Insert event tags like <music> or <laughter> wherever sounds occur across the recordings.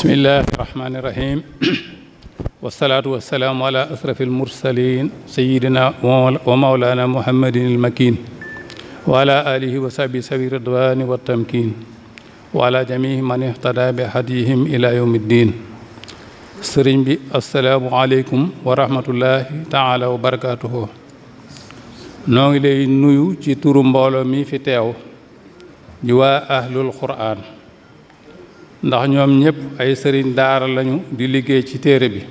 bismillahi irrahmani irrahim <clears throat> wasalaatu wasalaamu ala asrafi almursalin sayidina wa maolana muhammadin almakin wa ala alihi wa sahbi sabi ridwani wattamkin wa ala jamihi man ihtada bi hadihim ila yawmi ddin sëriñ bi asalaamu aleykum wa rahmatullahi taala wa barakatuhu noo ngi lay nuyu ci turu mbooloo mi fi teew ji waa ahlul quraan ndax ñoom ñëpp ay sëriñ daara lañu di liggéey ci téere bi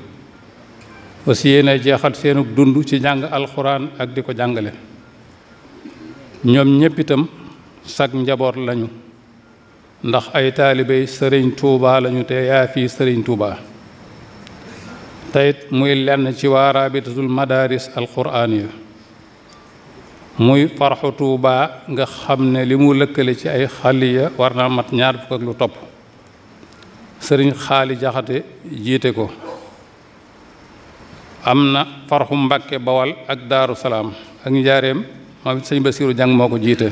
aussi yéen ay jeexal seenug dund ci jàng alxuraan ak di ko jàngale ñoom ñëpp itam sag njaboot lañu ndax ay taalibey sëriñ tuuba lañu te yaa fii sëriñ tuuba teyit muy lenn ci waa raabitatul madaaris alxuraan yi muy farxu tuuba nga xam ne li mu lëkkale ci ay xaliya war na mat ñaar fukk ak lu topp sëriñ xaali jaxate jiite ko am na farxu mbàkke bawal ak daaru salaam ak njaareem moom it sëñ basiiru jàng moo ko jiite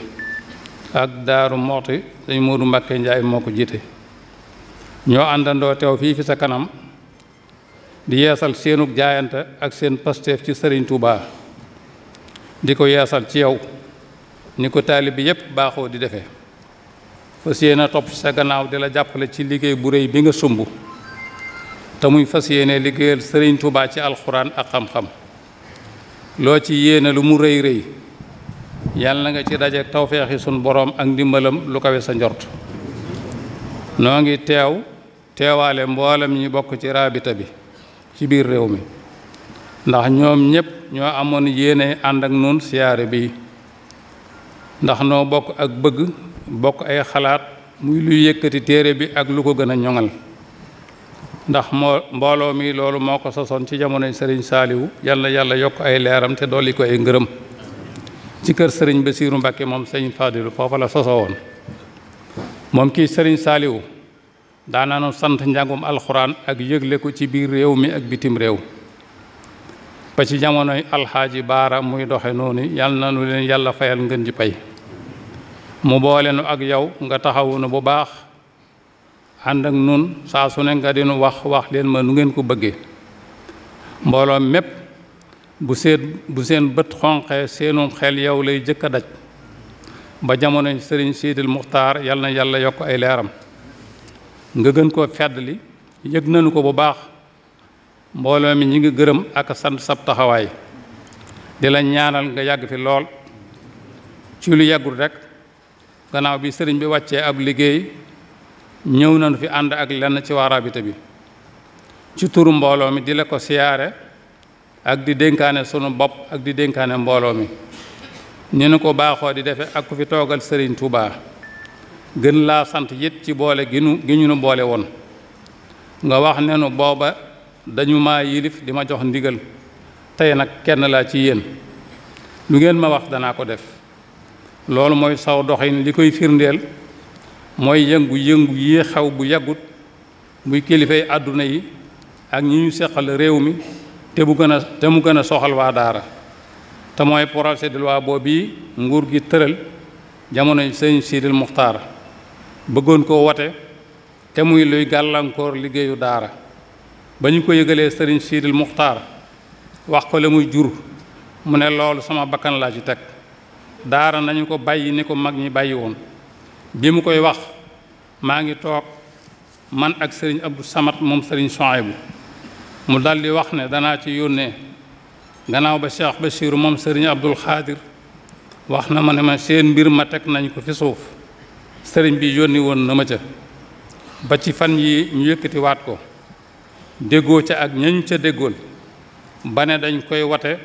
ak daaru moxti sëñ muudu mbàkke njaay moo ko jiite ñoo àndandoo teew fii fi sa kanam di yeesal seenu jaayante ak seen pasteef ci sëriñ tuuba di ko yeesal ci yow ni ko taali yépp baaxoo di defe fas yéene topp sa gannaaw di la jàppale ci liggéey bu réy bi nga sumb te muy fas yéene liggéeyal sëriñ Tuubaa ci alxuraan ak xam-xam loo ci yéene lu mu rëy rëy yàlla nga ci daje tawfeexi sun boroom ak ndimbalam lu kawe sa njort noo ngi teew teewale mboolam ñi bokk ci raabita bi ci biir réew mi ndax ñoom ñépp ñoo amoon yéene ànd ak nun siyaare bi ndax noo bokk ak bëgg bokk ay xalaat muy luy yëkkati téere bi ak lu ko gën a ñoŋal ndax moo mbooloo mi loolu moo ko sosoon ci jamonoy sëriñ saaliwu yàlla yàlla yokk ay leeram te dolli ko ay ngërëm ci kër sëriñ ba Basiiru Mbàkke moom sëriñ Faadilu foofa la soso woon moom kii sëriñ saaliwu daanaanu sant njàngum alxuraan ak yëgle ko ci biir réew mi ak bitim réew ba ci jamonoy alxaaji baara muy doxe noonu yal na nu leen yàlla fayal ngeen ji pay mu boole nu ak yow nga taxawu nu bu baax ànd ak nun saa su ne nga di nu wax wax leen ma nu ngeen ko bëggee mbooloo mépp bu seen bu seen bët xonqee seenum xel yow lay jëkk a daj ba jamonoy sëriñ siidil muxtaar yal na yàlla yokk ay leeram nga gën koo fedd li yëg nañu ko bu baax mbooloo mi ñu ngi gërëm ak sant sab taxawaay di la ñaanal nga yàgg fi lool ci lu yàggul rekk gannaaw bi sëriñ bi wàccee ab liggéey ñëw nañu fi ànd ak lenn ci waa bi ci turu mbooloo mi di la ko siyaare ak di dénkaane sunu bopp ak di dénkaane mbooloo mi ñu ne ko baaxoo di defe ak ku fi toogal sëriñ tubaa gën laa sant yit ci boole gi nu gi ñu nu boole woon nga wax ne nu booba dañu ma yilif di ma jox ndigal tey nag kenn laa ci yéen lu ngeen ma wax danaa ko def loolu mooy saw doxin li koy firndeel mooy yëngu-yëngu yi xew bu yàggut buy kilifay àdduna yi ak ñi ñu seqal réew mi te bu gën a te mu gën a soxal waa daara te mooy projet de loi boobu yi nguur gi tëral jamono sëñ Sidil Muxtaar bëggoon ko wate te muy luy gàllankoor liggéeyu daara ba ñu ko yëgalee sëriñ Siidil Muxtaar wax ko la muy jur mu ne loolu sama bakkan laa teg daara nañu ko bàyyi ni ko mag ñi bàyyi woon bi mu koy wax maa ngi toog man ak sëriñ Abdou Samad moom sëriñ Soaybu mu daldi wax ne danaa ci yónnee gannaaw ba ba Bachir moom sëriñ Abdul Xaadir wax na ma ne ma seen mbir ma teg nañ ko fi suuf sëriñ bi yónni woon na ma ca ba ci fan yi ñu yëkkatiwaat ko déggoo ca ak ñañ ca déggoon ba ne dañ koy wate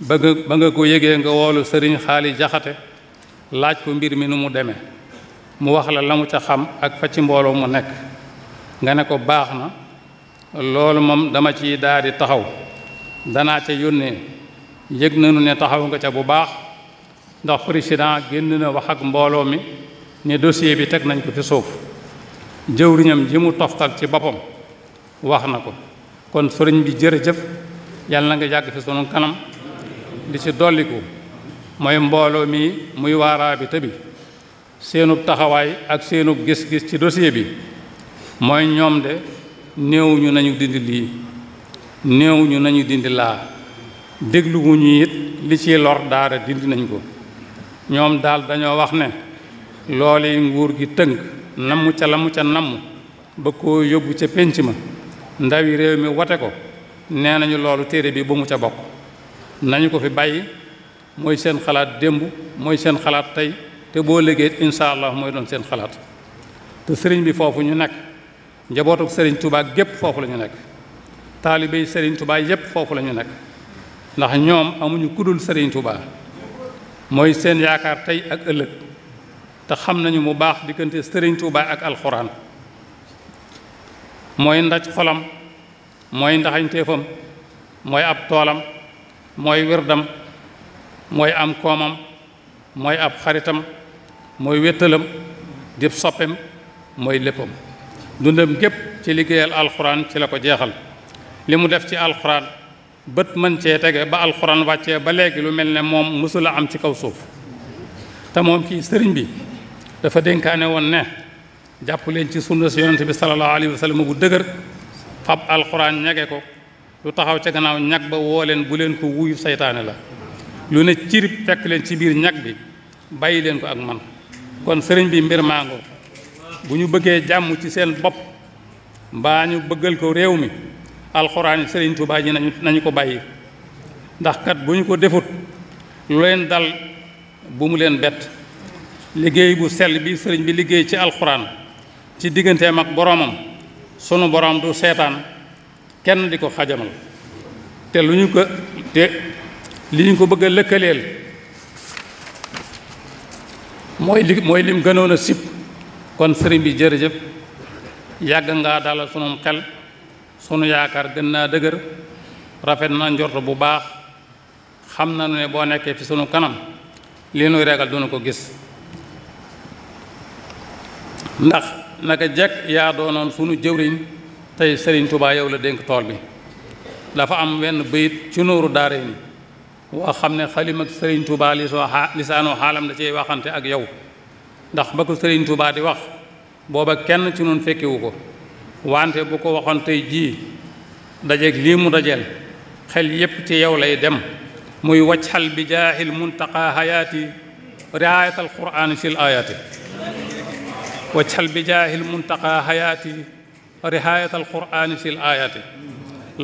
ba nga ba nga ko yégee nga woolu sëriñ xaali jaxate laaj ko mbir mi nu mu demee mu wax la la mu ca xam ak fa mbooloo mu nekk nga ne ko baax na loolu moom dama ciy daal di taxaw danaa ca yónnee yëg nanu ne taxaw nga ca bu baax ndax président génn na wax ak mbooloo mi ne dossier bi teg nañ ko fi suuf jëwriñam ji mu toftal ci boppam wax na ko kon sëriñ bi jërëjëf yàlla na nga yàgg fi sunu kanam li ci dolliku mooy mbooloo mi muy waaraa bi te bi seenub taxawaay ak seenub gis-gis ci dossier bi mooy ñoom de néewuñu nañu dindi lii néewuñu nañu dindi laa dégluwuñu it li ciy lor daara dindi nañ ko ñoom daal dañoo wax ne loolu nguur gi tënk namm ca la ca namm ba koo yóbbu ca pénc ma ndaw yi réew mi wate ko nee nañu loolu téere bi ba mu ca bokk nañu ko fi bàyyi mooy seen xalaat démb mooy seen xalaat tey te boo liggéey incha allah mooy doon seen xalaat te sëriñ bi foofu ñu nekk njabootuk sëriñ tubaa gépp foofu lañu nekk taalibey sëriñ tubaa yépp foofu la ñu nekk ndax ñoom amuñu kudul sëriñ tubaa mooy seen yaakaar tey ak ëllëg te xam nañu mu baax diggante sëriñ tubaa ak alxuraan mooy ndaj xolam mooy ndaxañteefam mooy ab toolam mooy wirdam mooy am koomam mooy ab xaritam mooy wéttalam di soppem mooy léppam dundam gépp ci liggéeyal alxuraan ci la ko jeexal li mu def ci alxuraan bët mën cee tege ba alxuraan wàccee ba léegi lu mel ne moom mësula am ci kaw suuf te moom kii sëriñ bi dafa dénkaane woon ne jàpp leen ci sunna si yonente bi sallallahu alayhi wa sallam bu dëgër fab alquran ñage ko lu taxaw ca gannaaw ñag ba woo leen bu leen ko wuyu seytaane la lu ne cirib fekk leen ci biir ñag bi bàyyi leen ko ak man kon sëriñ bi mbir màngoo bu ñu bëggee jàmm ci seen bopp mbaa ñu bëggal ko réew mi alxuraan yi sëriñ Tuubaa yi nañu nañu ko bàyyi ndax kat bu ñu ko defut lu leen dal bu mu leen bett liggéey bu sell bi sëriñ bi liggéey ci alxuraan ci digganteem ak boroomam sunu borom du seetaan kenn di ko xajamal te lu ñu ko te li ñu ko bëgg a lëkkaleel mooy li mooy lim gënoon a sib kon sëriñ bi jërëjëf yàgg ngaa dalal sunum xel sunu yaakaar gën naa dëgër rafet na njort bu baax xam na ne boo nekkee fi sunu kanam li nuy regal dunu ko gis ndax naka jekk yaa doonoon sunu jëwriñ tey Serigne Touba yow la dénk tool bi dafa am wenn bayit ci nooru daare xam ne xalim ak Serigne Touba lisaanoo xaalam da cey waxante ak yow ndax ba ko Serigne Touba di wax booba kenn ci noonu fekkewu ko wante bu ko waxoon tey jii dajeeg lii mu dajeel xel yépp ci yow lay dem muy wacc xal bi jaahil muntaqa hayaati riaayat al fil ayaati wajhal bi jaahil muntaqa hayaati rihaayat al quraani fil aayaati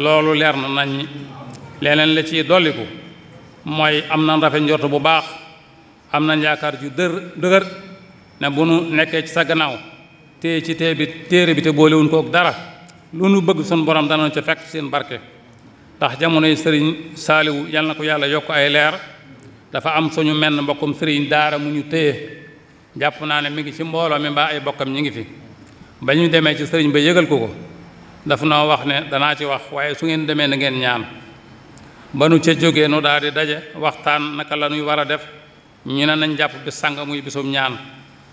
loolu leer na nañ leneen la ci dolliku mooy am na rafet njort bu baax am na njaakaar ju dër dëgër ne bu nu nekkee ci sa gannaaw te ci tee bi téere bi te boolewuñ ko ak dara lu nu bëgg sun borom danañ ca fekk seen barke ndax jamonoy sëriñ saaliwu yal na ko yàlla yokk ay leer dafa am suñu menn mbokkum sëriñ daara mu ñu téye jàpp naa ne mi ngi ci mbooloo mi mbaa ay bokkam ñi ngi fi ba ñu demee ci sëriñ ba yëgal ko ko daf noo wax ne danaa ci wax waaye su ngeen demee na ngeen ñaan ba nu ca jógee nu daal di daje waxtaan naka la ñuy war a def ñu ne nañ jàpp bi sàng muy bisum ñaan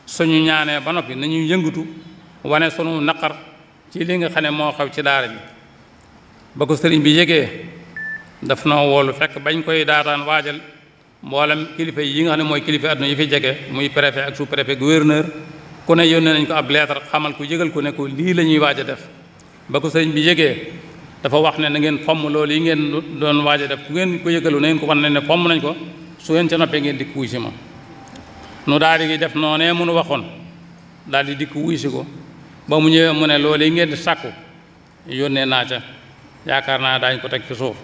suñu ñaanee ba noppi nañu yëngatu wane sunu naqar ci li nga xam ne moo xew ci daara bi ba ko sëriñ bi yëgee daf noo woolu fekk bañ koy daataan waajal mboolem kilifa yi nga xam ne mooy kilifa àdduna yi fi jege muy préfet ak sous préfet gouverneur ku ne yónnee nañ ko ab lettre xamal ko yëgal ko ne ko lii la ñuy waaj a def ba ko sëriñ bi yëgee dafa wax ne na ngeen fomm loolu yi ngeen doon waaja def ku ngeen ko yëgalu na ngeen ko wan ne ne fomm nañ ko su ngeen ca noppee ngeen dikk wuy si ma nu daal di def noonee mu nu waxoon daal di dikk wuy si ko ba mu ñëwee mu ne loolu yi ngeen di sàkku yónnee naa ca yaakaar naa daañu ko teg fi suuf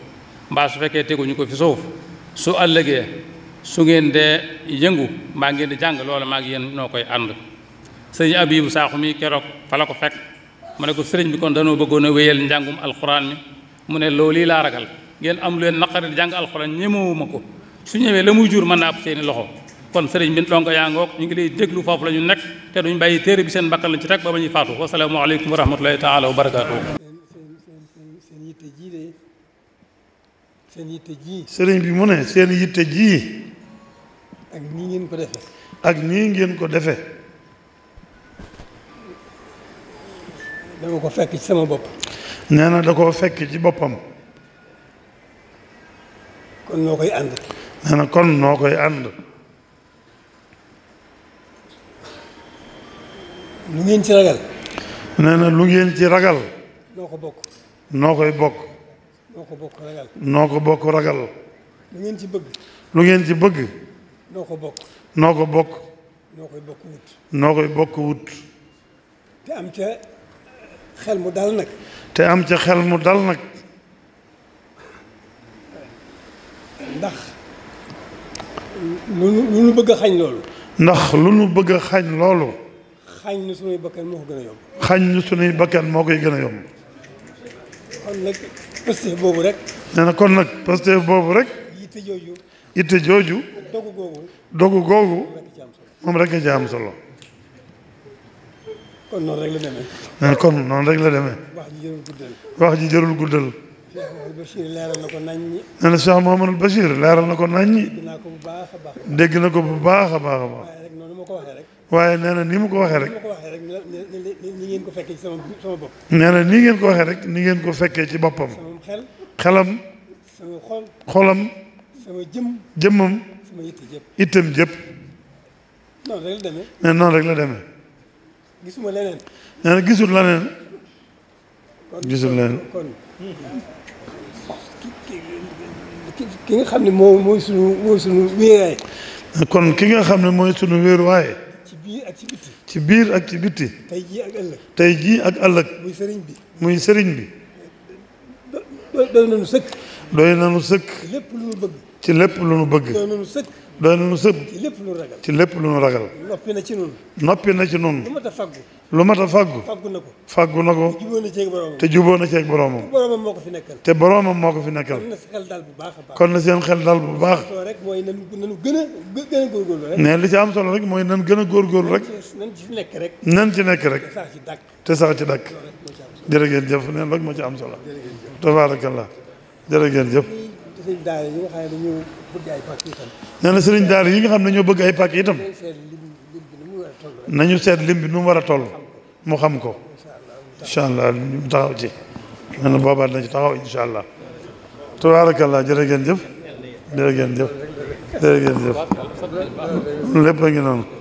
mbaa su fekkee teguñu ko fi suuf su su ngeen dee yëngu mbaa ngeen di jàng loola maa ngi yéen noo koy ànd sëriñ Abibu Saaxu mi keroog fa la ko fekk mu ne ko sëriñ bi kon danoo bëggoon a wéyal njàngum alxuraan mu ne loolu lii laa ragal ngeen am lu leen naqari jàng alxuraan ñemewuma ko su ñëwee la muy jur mën naa ab seeni loxo kon sëriñ bi donc yaa ñu ngi lay déglu foofu la ñu nekk te duñ bàyyi bi seen bakkan lañ ci teg ba ba ñuy faatu wasalaamaaleykum wa rahmatulahi taala wa barakaatu. seen yitte ji. sëriñ bi mu ne seen yitte ji. ak nii ngeen ko defee. ak nii ngeen ko defe dama ko fekk ci sama bopp. nee na da koo fekk ci boppam. kon noo koy ànd. nee na kon noo koy ànd. lu ngeen ci ragal. nee na lu ngeen ci ragal. noo ko bokk. noo koy bokk. ko bokk ragal. noo ko bokk ragal. ngeen ci bëgg. lu ngeen ci bëgg. noo ko bokk. noo bokk. noo koy bokk wut. noo koy bokk wut. te am ca xel mu dal nag. te am ca xel mu dal nag. ndax lu nu bëgg xañ loolu. ndax lu nu bëgg a xañ loolu. xañ nu sunuy bakkan moo ko gën a yomb. xañ nu sunuy bakkan moo koy gën a yomb. kon nag pësteef boobu rek. nee na kon nag pësteef boobu rek. yitte jooju. yitte jooju. dogu googu. dogu googu. moom rek nga ci am solo. kon noonu rek eh, kon noonu rek la demee. wax ji jërul guddal. wax ji jërul guddal. nee na Cheikh Mouhamadul Bachir na ko naññi. dégg na ko bu baax a baax a baax. waaye nee na ni mu ko waxee rek. nee na nii ngeen ko waxee rek ni ngeen ko fekkee ci boppam. xelam. xolam. jëmmam. itam jëpp. noonu rek la demee. nee noonu la demee. gisuma leneen. nee gisul leneen. gisul leneen. ki nga xam ne moo mooy sunu mooy sunu kon ki nga xam ne mooy sunu wéeruwaay. ci ci bitti. biir ak ci bitti. tey jii ak ëllëg. tey jii ak ëllëg. muy sëriñ bi. muy sëriñ bi. doy nañu sëkk. doy nañu nu bëgg. ci lépp lu nu bëgg. doy nañu ci lépp lu nu ragal. ci lépp lu nu ragal. noppi na ci nun noppi na ci nun lu mat a faggu. lu mat a faggu. na ko. faggu te jubóo na ceeg boromam. te boromam moo ko fi nekkal. kon na seen xel daal bu baax a baax. kon na seen daal bu baax. rek mooy nan gën a gën a rek. mais li ci am solo rek mooy nan gën a góorgóorlu rek. nan ci rek. nan ci nekk rek. te sax ci dàkk. jërëjëf neen rek moo ci am solo. tabaarakallah jërëjëf sëriñ daara yi nga xam ne dañoo bëgg ay pàkk itam. na sëriñ daara yi nga xam ne dañoo bëgg ay pàkk itam. nañu seet lim bi nu mu war a toll. mu xam ko. allah ñu taxaw na boobaa dinañ ci taxaw incha allah. tabaarakallah jërë ngeen jëf. jërë ngeen jëf